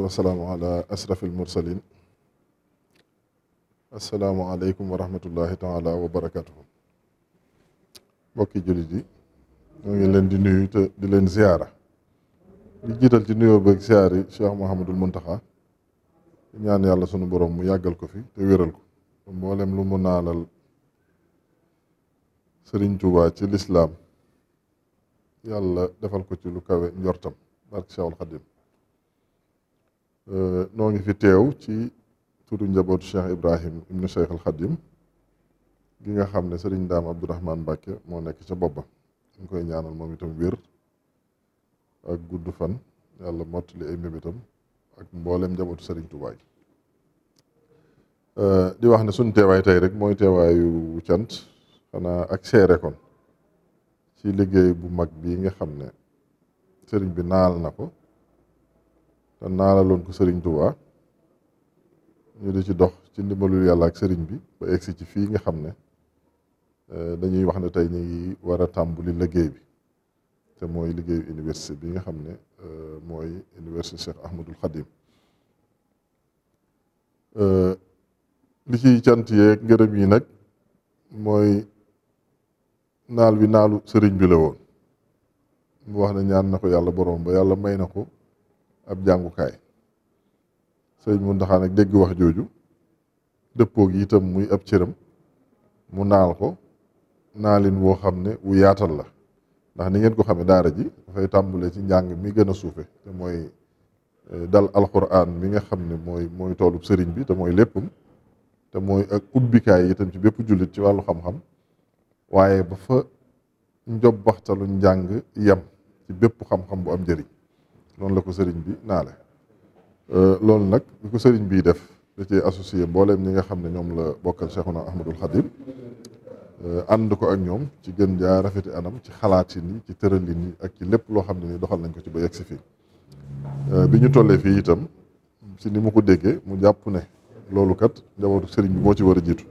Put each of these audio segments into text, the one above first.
wasalaatu wasalaamu ala asrafil mursalin asalaamualeykum wa rahmatullahi taala wa barakatuhu mbokki jullit yi leen di nuyu te di leen ziyaara di jiital ci nuyo beeg ziyaar yi Cheikh Mouhamadul ñaan yàlla sunu borom mu yàggal ko fi te wéral ko mboolem lu mu naalal Sëriñ Tuubaa ci lislaam yàlla defal ko ci lu kawe njortam barke Cheikhul Xadim Euh, noo ngi fi teew ci turu njabootu Cheikh Ibrahim ibnu Cheikh al Khadim gi nga xam ne sëriñ Daam Abdourahman Mbàkke moo nekk ca bopp ba koy ñaanal moom itam wér ak gudd fan yàlla mottali ay mébétam ak mboolem njabootu sëriñ Tuubaa euh, di wax ne suñ teewaay tey rek mooy teewaayu cant xanaa ak seere kon ci liggéey bu mag bii nga xam ne sëriñ bi naal na ko te naanaloon ko sëriñ Touba ñu di ci dox ci ndimbalul yàlla ak sëriñ bi ba egsi ci fii nga xam ne eh, dañuy wax ne tey ñu ngi war a tàmbali liggéey bi te mooy liggéeyu université bi nga xam ne eh, mooy université Cheikh Ahmadul Khadim eh, li ciy cant yeeg yi nag mooy naal wi naalu sëriñ bi la woon mu wax ne ñaan na ko yàlla boroom ba yàlla may na ko ab jàngukaay sëriñ Muntaxa ak dégg wax jooju dëppoog itam muy ab cëram mu naal ko naalin woo xam ne wu yaatal la ndax ni ngeen ko xamee daara ji dafay tàmbalee ci njàng mi gën a suufe te mooy eh, dal alquran mi nga xam ne mooy toolub sëriñ bi te mooy léppam te mooy ak ubbikaay itam ci bépp jullit ci wàllu xam-xam waaye ba fa njob baxtalu njàng yam ci bépp xam-xam bu am njëriñ noonu la ko sëriñ bi naa naale euh, loolu nag bi ko sëriñ bii def da ci associer mbooleem ñi nga xam ne ñoom la bokkal Cheikhuna Ahmadul Xadim euh, ànd ko ak ñoom ci gën jaa rafeti anam ci xalaatin yi ci tëralin yi ak ci lépp loo xam ne ni doxal nañ ko ci ba yegg si fii euh, bi ñu tollee fii itam ci ni mu ko déggee mu jàpp ne loolu kat njabootu sëriñ bi moo ci war a jiitu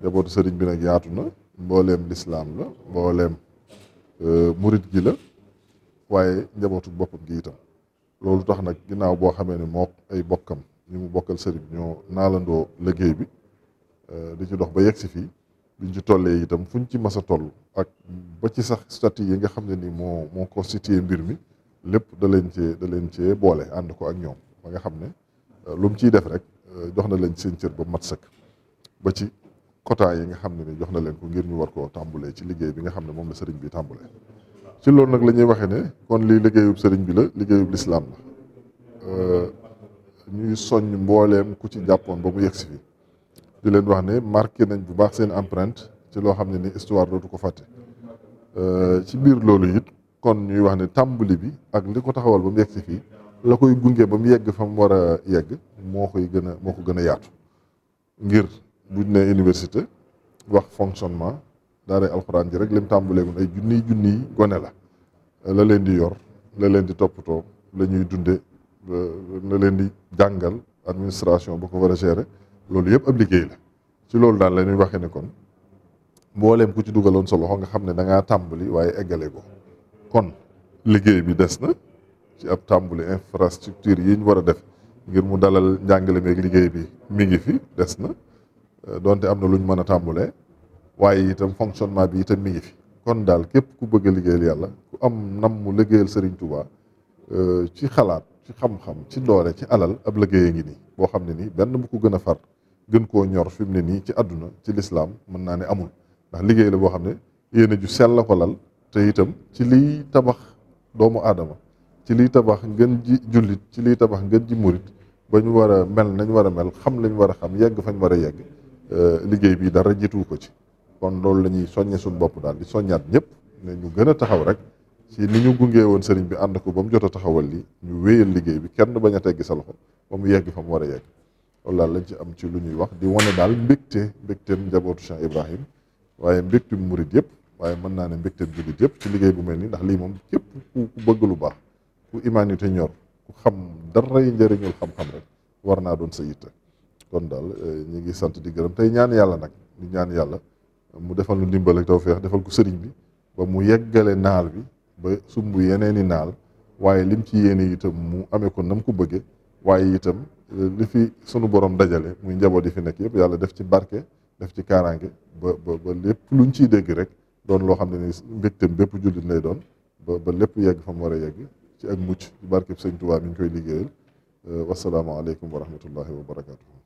njabootu sëriñ bi nag yaatu na mbooleem lislaam la mbooleem murit gi la waaye njabootu boppam gi itam loolu tax nag ginnaaw boo xamee ne moo ay bokkam ñi mu bokkal sëriñ ñoo naalandoo liggéey bi euh, di ci dox ba yegg si fii biñ ci tollee itam fuñ ci mas a toll ak ba ci sax statut yi nga xam ne ni moo moo constitué mbir mi lépp da leen cee da leen cee boole ànd ko ak ñoom ba nga xam ne euh, lu ciy def rek euh, jox na leen seen cër ba mat sëkk ba ci quota yi nga xam ne ni jox na leen ko ngir ñu war koo tàmbulee ci liggéey bi nga xam ne moom la sëriñ bi tàmbulee ci loolu nag la ñuy waxee ne kon lii liggéeyub sëriñ bi la liggéeyub lislaam la euh, ñuy soññ mbooleem ku ci jàppoon ba mu yegg si fii di leen wax ne marqué nañ bu baax seen empreinte ci loo xam ne ni histoire dootu ko fàtte euh, ci biir loolu it kon ñuy wax ne tàmbali bi ak li ko taxawal ba mu yegg si fii la koy gunge ba mu yegg fa mu war yegg moo koy gën a moo ko gën a yaatu ngir buñ ne université wax fonctionnement daaray alxuraan ji rek lim tàmbuleegun ay junniy junniy gone la la leen di yor la leen di toppatoo la ñuy dunde la leen di jàngal administration bu ko war a gérer loolu yëpp ab liggéey la si loolu daal la ñuy waxee ne kon mbooleem ku ci dugaloon sa loxo nga xam ne da ngaa tàmbali waaye eggale ko kon liggéey bi des na ci ab tàmbali infrastructure yi ñu war a def ngir mu dalal njàngale meeg liggéey bi mi ngi fi des na donte am na luñ mën a tàmbalee waaye itam fonctionnement bi itam mi ngi fi kon daal képp ku bëgg a liggéeyal yàlla ku am nam mu liggéeyal Serigne Touba euh, ci xalaat ci xam-xam ci doole ci alal ab liggéey ngi nii boo xam ne nii benn bu ko gën a far gën koo ñor fi ne nii ci àdduna ci lislaam mën naa ne amul ndax liggéey la boo xam ne yéen ju sell la ko lal te itam ci liy tabax doomu aadama ci liy tabax ngeen ji jullit ci liy tabax ngeen ji murit ba ñu war a mel nañ war a mel xam lañ war a xam yegg fañ war a yegg euh, liggéey bi dara jiitu ko ci kon loolu la ñuy soññe suñu bopp daal di soññaat ñëpp ne ñu gën a taxaw rek ci ni ñu gungee woon sëriñ bi ànd ko ba mu jot a taxawal li ñu wéyal liggéey bi kenn bañ a teggi sa loxo ba mu gi fa mu war a yegg loolu daal lañ ci am ci lu ñuy wax di wane daal mbégte mbégteem njabootu Cheikh Ibrahim waaye mbégteem murit yëpp waaye mën naa ne mbégteem jullit yëpp ci liggéey bu mel ni ndax lii moom képp ku bëgg lu baax ku humanité ñor ku xam dara yi njëriñul xam-xam rek war naa doon sa yitte kon daal eh, ñu ngi sant di gërëm tey ñaan yàlla nag ñu ñaan yàlla mu defal nu ndimbal ak feex defal ko sëriñ bi ba mu yeggale naal bi ba sumb yeneeni naal waaye lim ci yéene itam mu amee ko nam ko bëgge waaye itam euh, li fi sunu borom dajale muy njaboot yi fi nekk yëpp yàlla def ci barke def ci kaaraange ba ba ba lépp luñ ciy dégg rek doon loo xam ne ni mbégteem bépp jullit lay doon ba ba lépp yegg fa mu war a yegg ci ak mucc ci barkeb sëñ Tuubaa mi koy liggéeyal euh, wasalaamaaleykum wa rahmatullahi wa barakaatu.